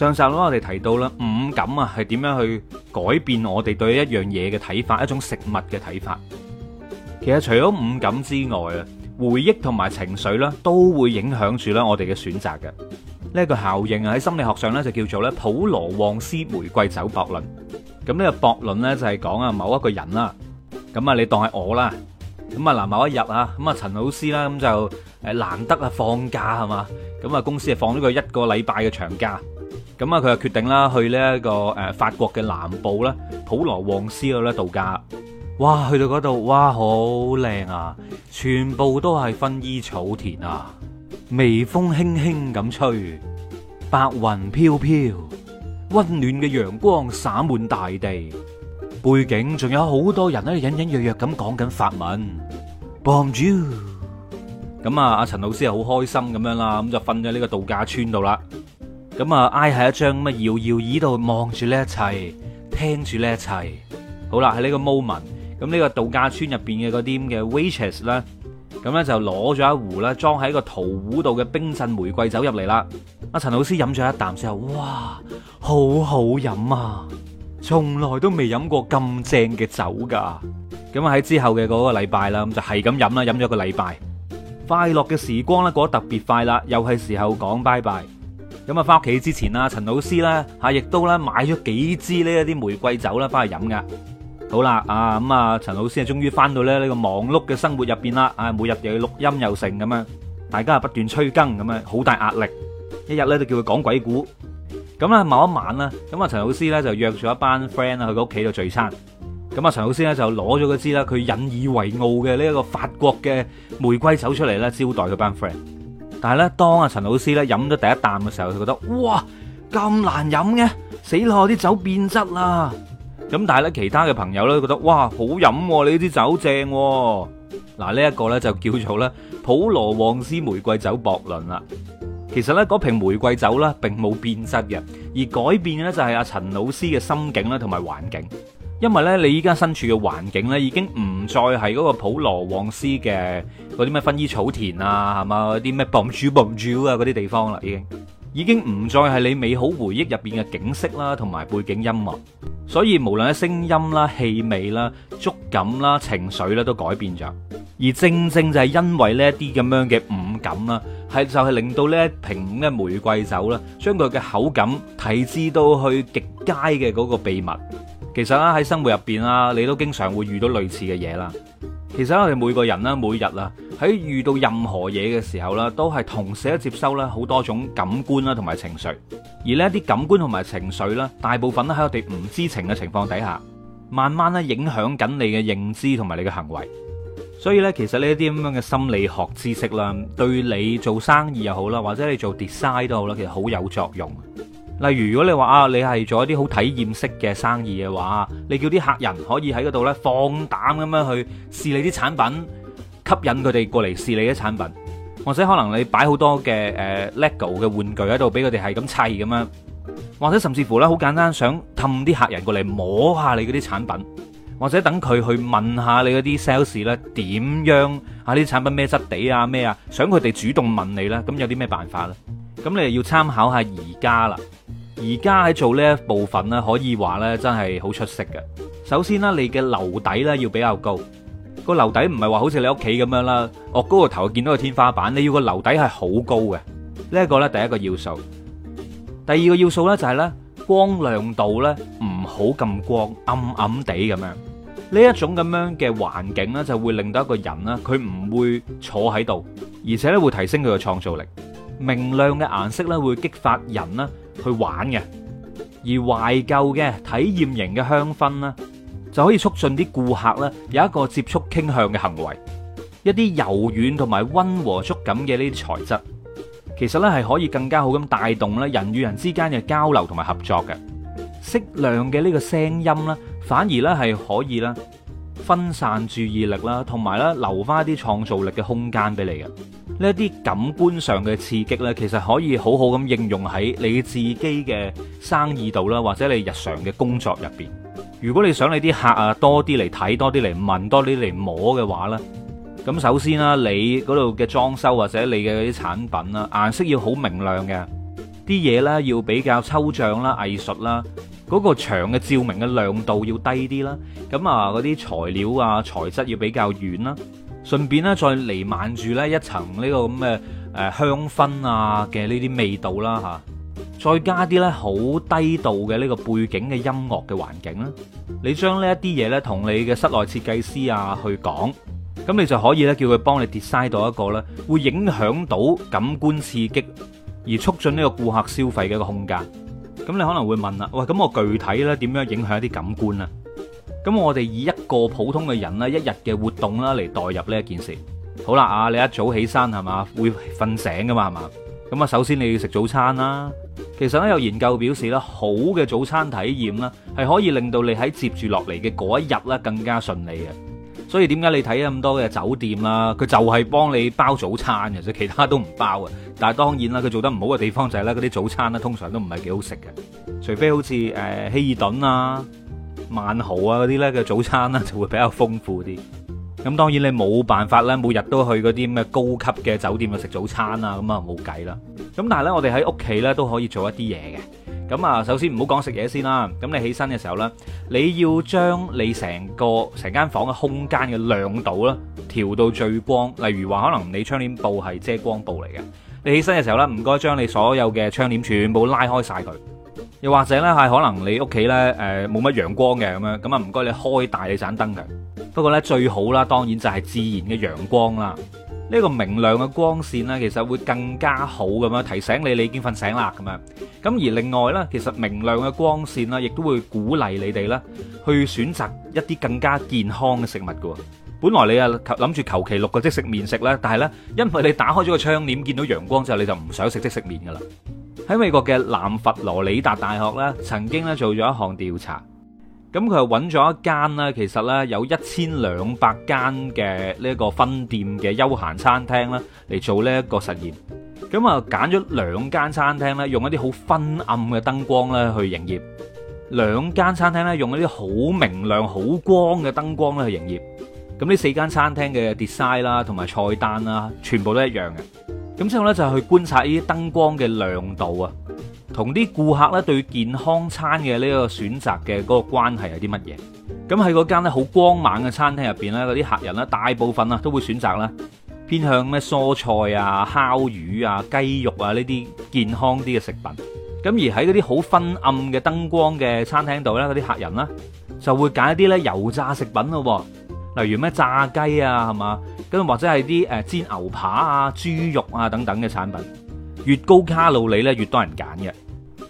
上集啦，我哋提到啦，五感啊，係點樣去改變我哋對一樣嘢嘅睇法，一種食物嘅睇法。其實除咗五感之外啊，回憶同埋情緒啦，都會影響住咧我哋嘅選擇嘅呢一個效應啊。喺心理學上咧就叫做咧普羅旺斯玫瑰酒悖論。咁呢個悖論咧就係講啊，某一個人啦，咁啊你當係我啦，咁啊嗱，某一日啊，咁啊陳老師啦，咁就誒難得啊放假係嘛，咁啊公司啊放咗個一個禮拜嘅長假。咁啊，佢就決定啦，去呢、這、一個誒、呃、法國嘅南部啦，普羅旺斯度咧度假。哇，去到嗰度，哇，好靚啊！全部都係薰衣草田啊，微風輕輕咁吹，白雲飄飄，溫暖嘅陽光灑滿大地，背景仲有好多人咧，隱隱約約咁講緊法文。Bonjour。咁啊，阿陳老師又好開心咁樣啦，咁就瞓咗呢個度假村度啦。咁啊，挨喺一張乜嘅搖搖椅度望住呢一切，聽住呢一切。好啦，喺呢個 moment，咁呢個度假村入邊嘅嗰啲咁嘅 waitress 咧，咁咧就攞咗一壺啦，裝喺個陶壺度嘅冰鎮玫瑰酒入嚟啦。阿陳老師飲咗一啖之後，哇，好好飲啊！從來都未飲過咁正嘅酒噶。咁啊喺之後嘅嗰個禮拜啦，咁就係咁飲啦，飲咗個禮拜。快樂嘅時光咧過得特別快啦，又係時候講拜拜。咁啊，翻屋企之前啦，陳老師咧吓亦都咧買咗幾支呢一啲玫瑰酒啦，翻去飲噶。好啦，啊咁啊、嗯，陳老師啊終於翻到咧呢個忙碌嘅生活入邊啦。啊，每日又要錄音又成咁樣，大家啊不斷催更咁樣，好大壓力。一日咧都叫佢講鬼故。咁、嗯、啊，某一晚啦，咁啊陳老師咧就約咗一班 friend 啊去個屋企度聚餐。咁啊陳老師咧就攞咗嗰支啦，佢引以為傲嘅呢一個法國嘅玫瑰酒出嚟啦，招待佢班 friend。但係咧，當阿陳老師咧飲咗第一啖嘅時候，佢覺得哇咁難飲嘅，死咯，啲酒變質啦！咁但係咧，其他嘅朋友咧覺得哇好飲喎，你啲酒正喎。嗱，呢一個咧就叫做咧普羅旺斯玫瑰酒悖論啦。其實咧嗰瓶玫瑰酒咧並冇變質嘅，而改變嘅咧就係阿陳老師嘅心境啦，同埋環境。因為呢，你依家身處嘅環境呢，已經唔再係嗰個普羅旺斯嘅嗰啲咩薰衣草田啊，係嘛，嗰啲咩噉住噉住啊嗰啲地方啦，已經已經唔再係你美好回憶入邊嘅景色啦，同埋背景音樂。所以無論係聲音啦、氣味啦、觸感啦、情緒咧，都改變咗。而正正就係因為呢啲咁樣嘅五感啦，係就係、是、令到呢一瓶嘅玫瑰酒啦，將佢嘅口感提至到去極佳嘅嗰個秘密。其實啦，喺生活入邊啦，你都經常會遇到類似嘅嘢啦。其實我哋每個人啦，每日啊，喺遇到任何嘢嘅時候啦，都係同時接收啦好多種感官啦，同埋情緒。而呢啲感官同埋情緒啦，大部分啦喺我哋唔知情嘅情況底下，慢慢咧影響緊你嘅認知同埋你嘅行為。所以咧，其實呢啲咁樣嘅心理學知識啦，對你做生意又好啦，或者你做 design 都好啦，其實好有作用。例如，如果你話啊，你係做一啲好體驗式嘅生意嘅話，你叫啲客人可以喺嗰度呢放膽咁樣去試你啲產品，吸引佢哋過嚟試你啲產品，或者可能你擺好多嘅誒、呃、Lego 嘅玩具喺度，俾佢哋係咁砌咁樣，或者甚至乎呢，好簡單，想氹啲客人過嚟摸下你嗰啲產品，或者等佢去問下你嗰啲 sales 呢點樣啊？啲產品咩質地啊？咩啊？想佢哋主動問你呢，咁有啲咩辦法呢？咁你又要參考下而家啦。而家喺做呢一部分咧，可以話咧真係好出色嘅。首先啦，你嘅樓底咧要比較高，個樓底唔係話好似你屋企咁樣啦，我高個頭見到個天花板，你要個樓底係好高嘅。呢一個咧第一個要素，第二個要素咧就係咧光亮度咧唔好咁光暗暗地，咁樣，呢一種咁樣嘅環境咧就會令到一個人咧佢唔會坐喺度，而且咧會提升佢嘅創造力。明亮嘅顏色咧，會激發人咧去玩嘅；而懷舊嘅體驗型嘅香薰咧，就可以促進啲顧客咧有一個接觸傾向嘅行為。一啲柔軟同埋溫和觸感嘅呢啲材質，其實咧係可以更加好咁帶動咧人與人之間嘅交流同埋合作嘅。適量嘅呢個聲音咧，反而咧係可以啦分散注意力啦，同埋咧留翻啲創造力嘅空間俾你嘅。呢啲感官上嘅刺激呢，其實可以好好咁應用喺你自己嘅生意度啦，或者你日常嘅工作入邊。如果你想你啲客啊多啲嚟睇，多啲嚟問，多啲嚟摸嘅話呢，咁首先啦，你嗰度嘅裝修或者你嘅啲產品啦，顏色要好明亮嘅，啲嘢呢，要比較抽象啦、藝術啦，嗰個牆嘅照明嘅亮度要低啲啦，咁啊嗰啲材料啊材質要比較軟啦。順便咧，再瀰漫住咧一層呢個咁嘅誒香薰啊嘅呢啲味道啦嚇，再加啲咧好低度嘅呢個背景嘅音樂嘅環境啦，你將呢一啲嘢咧同你嘅室內設計師啊去講，咁你就可以咧叫佢幫你 design 到一個咧會影響到感官刺激而促進呢個顧客消費嘅一個空間。咁你可能會問啦，喂，咁我具體咧點樣影響一啲感官啊？咁我哋以一個普通嘅人啦，一日嘅活動啦嚟代入呢一件事。好啦啊，你一早起身係嘛，會瞓醒噶嘛係嘛？咁啊，首先你要食早餐啦。其實咧有研究表示咧，好嘅早餐體驗咧，係可以令到你喺接住落嚟嘅嗰一日咧更加順利嘅。所以點解你睇咁多嘅酒店啦？佢就係幫你包早餐嘅啫，其他都唔包啊。但係當然啦，佢做得唔好嘅地方就係、是、咧，嗰啲早餐咧通常都唔係幾好食嘅，除非好似誒、呃、希爾頓啊。萬豪啊嗰啲呢嘅早餐呢就會比較豐富啲。咁當然你冇辦法呢，每日都去嗰啲咩高級嘅酒店去食早餐啊，咁啊冇計啦。咁但係呢，我哋喺屋企呢都可以做一啲嘢嘅。咁啊，首先唔好講食嘢先啦。咁你起身嘅時候呢，你要將你成個成間房嘅空間嘅亮度呢調到最光。例如話，可能你窗簾布係遮光布嚟嘅，你起身嘅時候呢，唔該將你所有嘅窗簾全部拉開晒佢。又或者咧，係可能你屋企咧，誒，冇乜陽光嘅咁樣，咁啊，唔該你開大你盞燈嘅。不過咧，最好啦，當然就係自然嘅陽光啦。呢個明亮嘅光線咧，其實會更加好咁樣提醒你，你已經瞓醒啦咁樣。咁而另外咧，其實明亮嘅光線咧，亦都會鼓勵你哋咧，去選擇一啲更加健康嘅食物嘅。本來你啊，諗住求其六個即食麵食啦，但係咧，因為你打開咗個窗簾，見到陽光之後，你就唔想食即食麵嘅啦。喺美國嘅南佛羅里達大學咧，曾經咧做咗一項調查，咁佢係揾咗一間咧，其實咧有一千兩百間嘅呢一個分店嘅休閒餐廳啦，嚟做呢一個實驗。咁啊，揀咗兩間餐廳咧，用一啲好昏暗嘅燈光咧去營業，兩間餐廳咧，用一啲好明亮、好光嘅燈光咧去營業。咁呢四間餐廳嘅 design 啦，同埋菜單啦，全部都一樣嘅。咁之後咧就係去觀察呢啲燈光嘅亮度啊，同啲顧客咧對健康餐嘅呢個選擇嘅嗰個關係係啲乜嘢？咁喺嗰間咧好光猛嘅餐廳入邊咧，嗰啲客人咧大部分啊都會選擇咧偏向咩蔬菜啊、烤魚啊、雞肉啊呢啲健康啲嘅食品。咁而喺嗰啲好昏暗嘅燈光嘅餐廳度咧，嗰啲客人啦就會揀一啲咧油炸食品咯，例如咩炸雞啊，係嘛？咁或者係啲誒煎牛扒啊、豬肉啊等等嘅產品，越高卡路里咧，越多人揀嘅。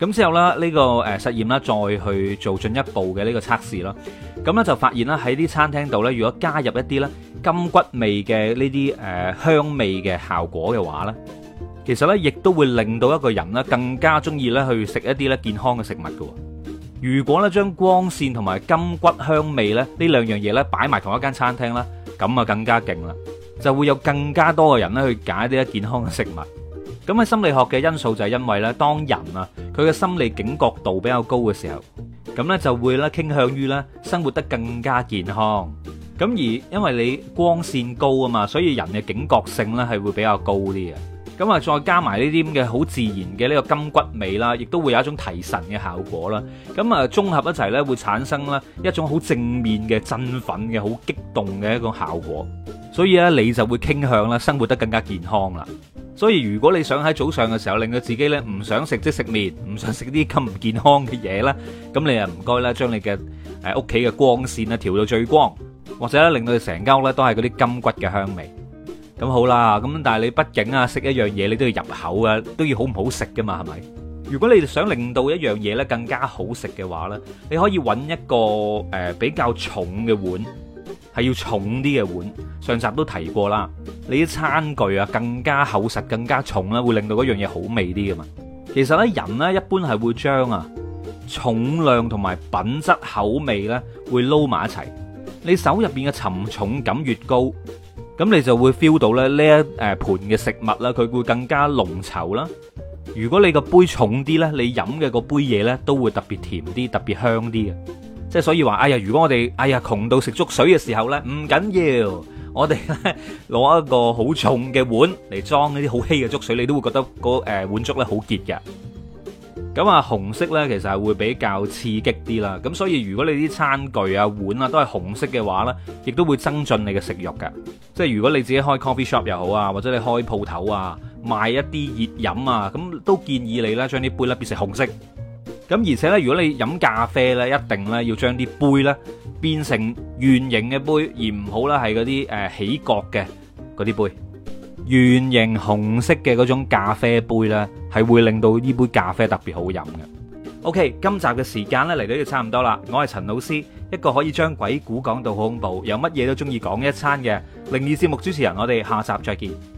咁之後咧，呢個誒實驗咧，再去做進一步嘅呢個測試咯。咁咧就發現啦，喺啲餐廳度呢，如果加入一啲咧金骨味嘅呢啲誒香味嘅效果嘅話呢，其實呢，亦都會令到一個人呢更加中意呢去食一啲呢健康嘅食物嘅。如果呢，將光線同埋金骨香味呢，呢兩樣嘢呢，擺埋同一間餐廳啦。咁啊，更加勁啦，就會有更加多嘅人咧去揀一啲咧健康嘅食物。咁喺心理學嘅因素就係因為咧，當人啊佢嘅心理警覺度比較高嘅時候，咁咧就會咧傾向於咧生活得更加健康。咁而因為你光線高啊嘛，所以人嘅警覺性咧係會比較高啲嘅。咁啊，再加埋呢啲咁嘅好自然嘅呢個金骨味啦，亦都會有一種提神嘅效果啦。咁啊，綜合一齊咧，會產生咧一種好正面嘅振奮嘅好激動嘅一個效果。所以咧，你就會傾向啦，生活得更加健康啦。所以如果你想喺早上嘅時候令到自己咧唔想食即食麵，唔想食啲咁唔健康嘅嘢咧，咁你啊唔該咧，將你嘅誒屋企嘅光線啊調到最光，或者咧令到你成間屋咧都係嗰啲金骨嘅香味。咁好啦，咁但係你畢竟啊，食一樣嘢你都要入口啊，都要好唔好食噶嘛，係咪？如果你想令到一樣嘢呢更加好食嘅話呢，你可以搵一個誒、呃、比較重嘅碗，係要重啲嘅碗。上集都提過啦，你啲餐具啊更加厚實、更加重啦，會令到嗰樣嘢好味啲噶嘛。其實呢，人呢一般係會將啊重量同埋品質、口味呢會撈埋一齊。你手入邊嘅沉重感越高，咁你就會 feel 到咧，呢一誒盤嘅食物啦，佢會更加濃稠啦。如果你個杯重啲呢，你飲嘅個杯嘢呢，都會特別甜啲、特別香啲嘅。即係所以話，哎呀，如果我哋哎呀窮到食粥水嘅時候呢，唔緊要，我哋呢攞一個好重嘅碗嚟裝嗰啲好稀嘅粥水，你都會覺得嗰誒碗粥咧好結嘅。咁啊，紅色呢其實係會比較刺激啲啦。咁所以如果你啲餐具啊、碗啊都係紅色嘅話呢，亦都會增進你嘅食慾嘅。即係如果你自己開 coffee shop 又好啊，或者你開鋪頭啊，賣一啲熱飲啊，咁都建議你呢將啲杯呢變成紅色。咁而且呢，如果你飲咖啡呢，一定呢要將啲杯呢變成圓形嘅杯，而唔好呢係嗰啲誒起角嘅嗰啲杯。圓形紅色嘅嗰種咖啡杯呢。係會令到呢杯咖啡特別好飲嘅。OK，今集嘅時間呢嚟到就差唔多啦。我係陳老師，一個可以將鬼故講到好恐怖，有乜嘢都中意講一餐嘅靈異節目主持人。我哋下集再見。